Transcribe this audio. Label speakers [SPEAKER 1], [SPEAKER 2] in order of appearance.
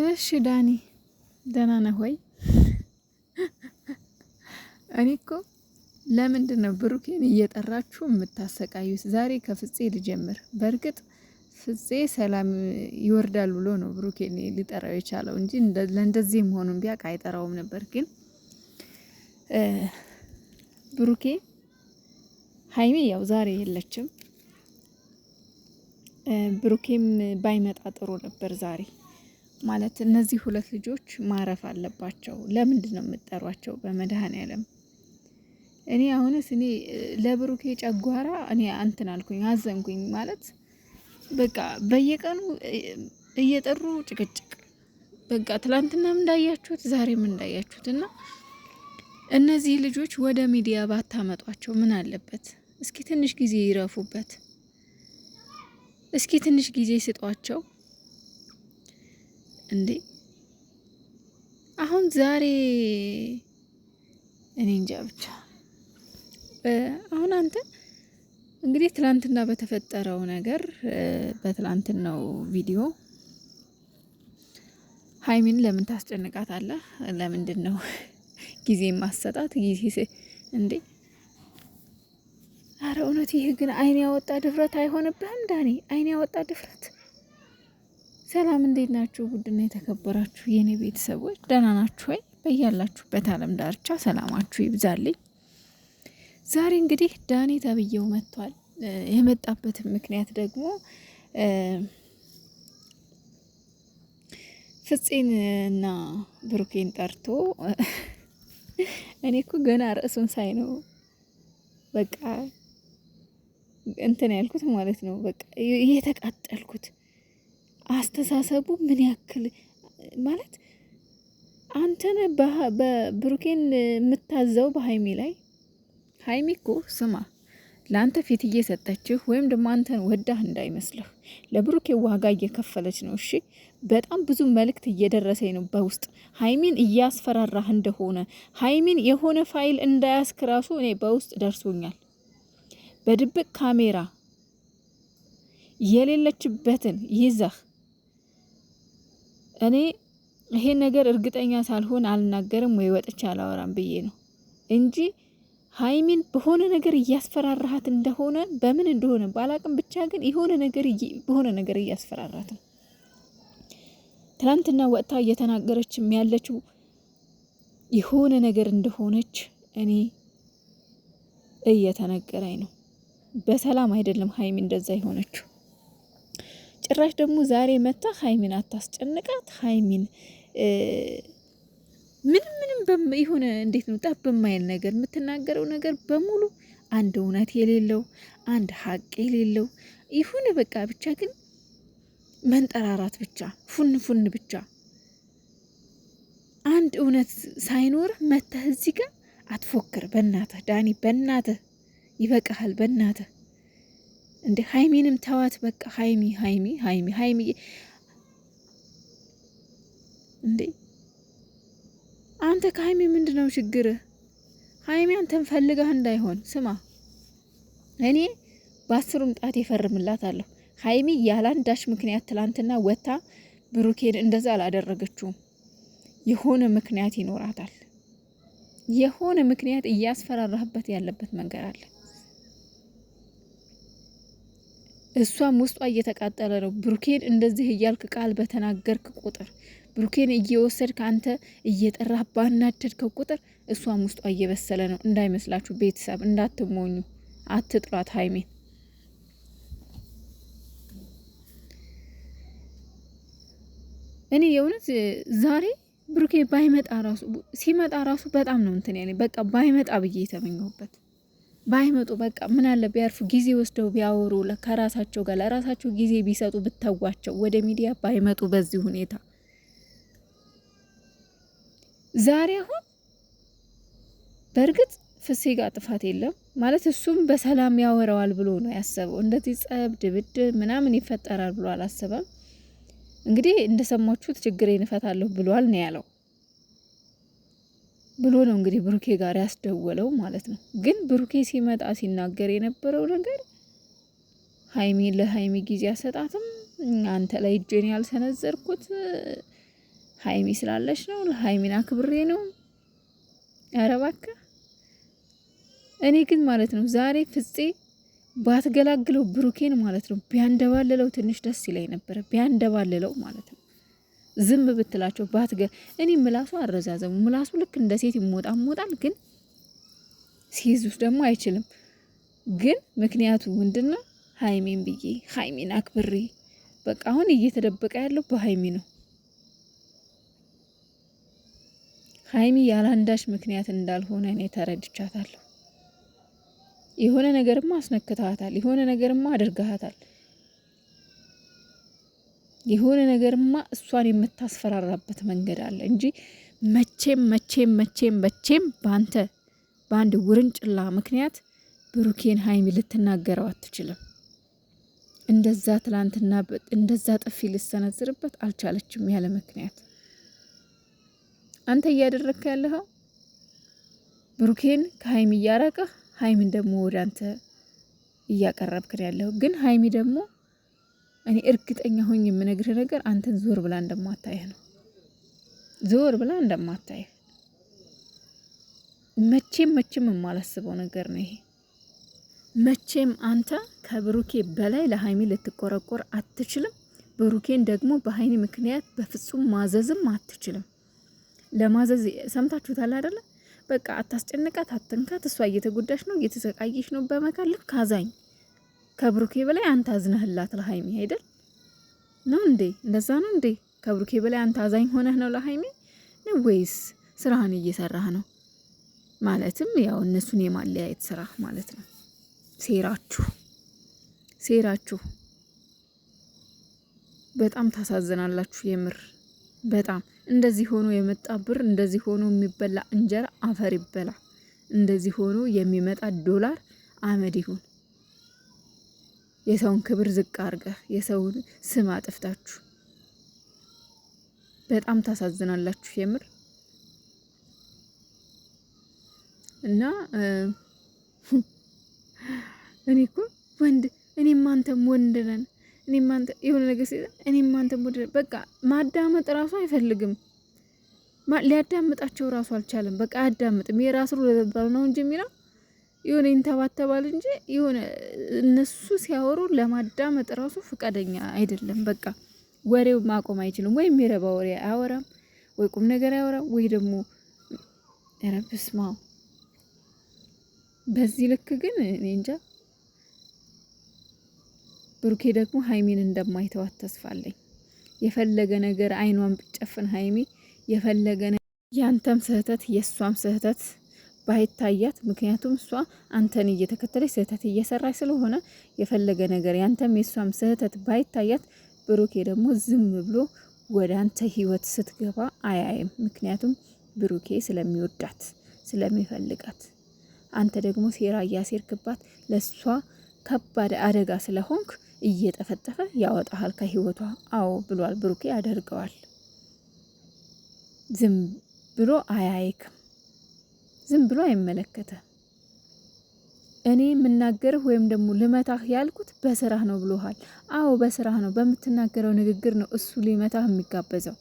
[SPEAKER 1] እሺ ዳኒ ደህና ነህ ወይ? እኔ እኮ ለምንድን ነው ብሩኬን እየጠራችሁ የምታሰቃዩት? ዛሬ ከፍፄ ልጀምር። በእርግጥ ፍፄ ሰላም ይወርዳል ብሎ ነው ብሩኬን ሊጠራው የቻለው እንጂ ለእንደዚህ መሆኑን ቢያውቅ አይጠራውም ነበር። ግን ብሩኬ ሀይሚ ያው ዛሬ የለችም። ብሩኬም ባይመጣ ጥሩ ነበር ዛሬ ማለት እነዚህ ሁለት ልጆች ማረፍ አለባቸው። ለምንድን ነው የምጠሯቸው? በመድኃኔዓለም እኔ አሁንስ እኔ ለብሩኬ ጨጓራ እኔ አንትን አልኩኝ፣ አዘንኩኝ። ማለት በቃ በየቀኑ እየጠሩ ጭቅጭቅ በቃ ትላንትናም እንዳያችሁት ዛሬም እንዳያችሁት እና እነዚህ ልጆች ወደ ሚዲያ ባታመጧቸው ምን አለበት? እስኪ ትንሽ ጊዜ ይረፉበት። እስኪ ትንሽ ጊዜ ስጧቸው። እንዴ አሁን ዛሬ እኔ እንጃ ብቻ። አሁን አንተ እንግዲህ ትላንትና በተፈጠረው ነገር በትላንትናው ቪዲዮ ሀይሚን ለምን ታስጨንቃት አለ። ለምንድን ነው ጊዜ ማሰጣት ጊዜ እንዴ? አረ እውነት ይህ ግን አይን ያወጣ ድፍረት አይሆንብህም ዳኔ? አይን ያወጣ ድፍረት ሰላም እንዴት ናችሁ? ቡድና የተከበራችሁ የኔ ቤተሰቦች ደህና ናችሁ ወይ? በያላችሁበት ዓለም ዳርቻ ሰላማችሁ ይብዛልኝ። ዛሬ እንግዲህ ዳኒ ተብዬው መጥቷል። የመጣበትን ምክንያት ደግሞ ፍፄን እና ብሩኬን ጠርቶ እኔ እኮ ገና ርዕሱን ሳይ ነው በቃ እንትን ያልኩት ማለት ነው በቃ እየተቃጠልኩት አስተሳሰቡ ምን ያክል ማለት አንተነ በብሩኬን የምታዘው በሀይሚ ላይ
[SPEAKER 2] ሀይሚ እኮ ስማ ለአንተ ፊት እየሰጠችህ ወይም ደግሞ አንተን ወዳህ እንዳይመስልህ ለብሩኬ ዋጋ እየከፈለች ነው። እሺ በጣም ብዙ መልእክት እየደረሰኝ ነው በውስጥ ሀይሚን እያስፈራራህ እንደሆነ ሀይሚን የሆነ ፋይል እንዳያስክ ራሱ እኔ በውስጥ ደርሶኛል። በድብቅ ካሜራ የሌለችበትን ይዘህ እኔ ይሄን ነገር እርግጠኛ ሳልሆን አልናገርም ወይ ወጥቼ አላወራም ብዬ ነው እንጂ ሀይሚን በሆነ ነገር እያስፈራራሃት እንደሆነ በምን እንደሆነ ባላቅም ብቻ ግን የሆነ ነገር በሆነ ነገር እያስፈራራት ነው። ትናንትና ወጥታ እየተናገረችም ያለችው የሆነ ነገር እንደሆነች እኔ እየተነገረኝ ነው። በሰላም አይደለም ሀይሚ እንደዛ የሆነችው። ጭራሽ ደግሞ ዛሬ መታ ሀይሚን አታስጨንቃት። ሀይሚን ምንም ምንም የሆነ እንዴት ነው ጠብ የማይል ነገር የምትናገረው ነገር በሙሉ አንድ እውነት የሌለው አንድ ሀቅ የሌለው ይሁን በቃ ብቻ ግን መንጠራራት ብቻ ፉን ፉን ብቻ አንድ እውነት ሳይኖር መተህ እዚህ ጋር አትፎክር። በእናትህ ዳኒ፣ በእናትህ ይበቃሃል፣ በእናትህ እንደ ሀይሚንም ተዋት በቃ ሀይሚ ሀይሚ ሀይሚ ሀይሚ እንዴ አንተ ከሀይሚ ምንድን ነው ችግርህ? ሀይሚ አንተን ፈልጋ እንዳይሆን ስማ፣ እኔ በአስሩም ጣት የፈርምላት ሀይሚ ያላንዳች ምክንያት ትላንትና ወታ ብሩኬን እንደዛ አላደረገችውም። የሆነ ምክንያት ይኖራታል። የሆነ ምክንያት እያስፈራራህበት ያለበት መንገድ አለ። እሷም ውስጧ እየተቃጠለ ነው። ብሩኬን እንደዚህ እያልክ ቃል በተናገርክ ቁጥር ብሩኬን እየወሰድክ አንተ እየጠራህ ባናደድከው ቁጥር እሷም ውስጧ እየበሰለ ነው። እንዳይመስላችሁ ቤተሰብ እንዳትሞኙ፣ አትጥሏት ሀይሜን። እኔ የእውነት ዛሬ ብሩኬ ባይመጣ ራሱ ሲመጣ ራሱ በጣም ነው እንትን ያኔ በቃ ባይመጣ ብዬ የተመኘሁበት ባይመጡ በቃ ምን አለ ቢያርፉ ጊዜ ወስደው ቢያወሩ ከራሳቸው ጋር ለራሳቸው ጊዜ ቢሰጡ ብተዋቸው ወደ ሚዲያ ባይመጡ በዚህ ሁኔታ ዛሬ አሁን በእርግጥ ፍሴ ጋር ጥፋት የለም ማለት እሱም በሰላም ያወራዋል ብሎ ነው ያሰበው። እንደዚህ ጸብ፣ ድብድብ ምናምን ይፈጠራል ብሎ አላሰበም። እንግዲህ እንደሰማችሁት ችግሬን እፈታለሁ ብሏል ነው ያለው። ብሎ ነው እንግዲህ ብሩኬ ጋር ያስደወለው ማለት ነው። ግን ብሩኬ ሲመጣ ሲናገር የነበረው ነገር ሀይሚ ለሀይሚ ጊዜ አሰጣትም አንተ ላይ እጄን ያልሰነዘርኩት ሀይሚ ስላለች ነው፣ ለሀይሚን አክብሬ ነው። ኧረ እባክህ እኔ ግን ማለት ነው ዛሬ ፍፄ ባትገላግለው ብሩኬን ማለት ነው ቢያንደባለለው ትንሽ ደስ ይለኝ ነበረ። ቢያንደባለለው ማለት ነው ዝም ብትላቸው ባትገ እኔ ምላሱ አረዛዘሙ ምላሱ ልክ እንደ ሴት ይሞጣ ሞጣል፣ ግን ሲይዙት ደግሞ አይችልም። ግን ምክንያቱ ምንድነው? ሀይሜን ብዬ ሀይሜን አክብሬ በቃ አሁን እየተደበቀ ያለው በሀይሚ ነው። ሀይሚ ያላንዳች ምክንያት እንዳልሆነ እኔ ተረድቻታለሁ። የሆነ ነገርማ አስነክታታል የሆነ ነገርማ አድርገሃታል። የሆነ ነገርማ እሷን የምታስፈራራበት መንገድ አለ እንጂ መቼም መቼም መቼም መቼም በአንተ በአንድ ውርንጭላ ምክንያት ብሩኬን ሀይሚ ልትናገረው አትችልም። እንደዛ ትላንትና እንደዛ ጥፊ ልሰነዝርበት አልቻለችም ያለ ምክንያት። አንተ እያደረግክ ያለኸው ብሩኬን ከሀይሚ እያራቀህ ሀይሚን ደግሞ ወደ አንተ እያቀረብክን ያለኸው ግን ሀይሚ ደግሞ እኔ እርግጠኛ ሆኝ የምነግርህ ነገር አንተን ዞር ብላ እንደማታየህ ነው። ዞር ብላ እንደማታየህ መቼም መቼም የማላስበው ነገር ነው ይሄ። መቼም አንተ ከብሩኬ በላይ ለሀይሚ ልትቆረቆር አትችልም። ብሩኬን ደግሞ በሀይኒ ምክንያት በፍጹም ማዘዝም አትችልም። ለማዘዝ ሰምታችሁታል አይደለ? በቃ አታስጨንቃት፣ አትንካት። እሷ እየተጎዳች ነው፣ እየተሰቃየች ነው በመካል ልክ አዛኝ ከብሩኬ በላይ አንተ አዝነህላት ለሀይሚ አይደል? ነው እንዴ? እንደዛ ነው እንዴ? ከብሩኬ በላይ አንተ አዛኝ ሆነህ ነው ለሀይሚ ወይስ ስራህን እየሰራህ ነው? ማለትም ያው እነሱን የማለያየት ስራ ማለት ነው። ሴራችሁ ሴራችሁ በጣም ታሳዝናላችሁ። የምር በጣም እንደዚህ ሆኖ የመጣ ብር፣ እንደዚህ ሆኖ የሚበላ እንጀራ አፈር ይበላ፣ እንደዚህ ሆኖ የሚመጣ ዶላር አመድ ይሁን። የሰውን ክብር ዝቅ አርገህ የሰውን ስም አጥፍታችሁ በጣም ታሳዝናላችሁ የምር እና እኔ እኮ ወንድ እኔም አንተም ወንድ ነን እኔም አንተ የሆነ ነገር ሲ እኔም አንተም ወንድ ነን በቃ ማዳመጥ ራሱ አይፈልግም ሊያዳምጣቸው ራሱ አልቻለም በቃ አያዳምጥም የራሱ ለዘባሉ ነው እንጂ የሚለው የሆነ ይንተባተባል እንጂ የሆነ እነሱ ሲያወሩ ለማዳመጥ ራሱ ፈቃደኛ አይደለም። በቃ ወሬው ማቆም አይችልም። ወይ የሚረባ ወሬ አያወራም፣ ወይ ቁም ነገር አያወራም፣ ወይ ደግሞ ኧረ በዚህ ልክ ግን እኔ እንጃ። ብሩኬ ደግሞ ሀይሚን እንደማይተዋት ተስፋ አለኝ። የፈለገ ነገር አይኗን ብጨፍን ሀይሚ የፈለገ ያንተም ስህተት የእሷም ስህተት ባይታያት ምክንያቱም እሷ አንተን እየተከተለች ስህተት እየሰራች ስለሆነ የፈለገ ነገር ያንተም የእሷም ስህተት ባይታያት፣ ብሩኬ ደግሞ ዝም ብሎ ወደ አንተ ህይወት ስትገባ አያይም። ምክንያቱም ብሩኬ ስለሚወዳት ስለሚፈልጋት፣ አንተ ደግሞ ሴራ እያሴርክባት ለእሷ ከባድ አደጋ ስለሆንክ እየጠፈጠፈ ያወጣሃል ከህይወቷ። አዎ ብሏል ብሩኬ፣ ያደርገዋል። ዝም ብሎ አያይክም። ዝም ብሎ አይመለከተም። እኔ የምናገርህ ወይም ደግሞ ልመታህ ያልኩት በስራህ ነው ብሎሃል። አዎ በስራህ ነው፣ በምትናገረው ንግግር ነው እሱ ሊመታህ የሚጋበዘው።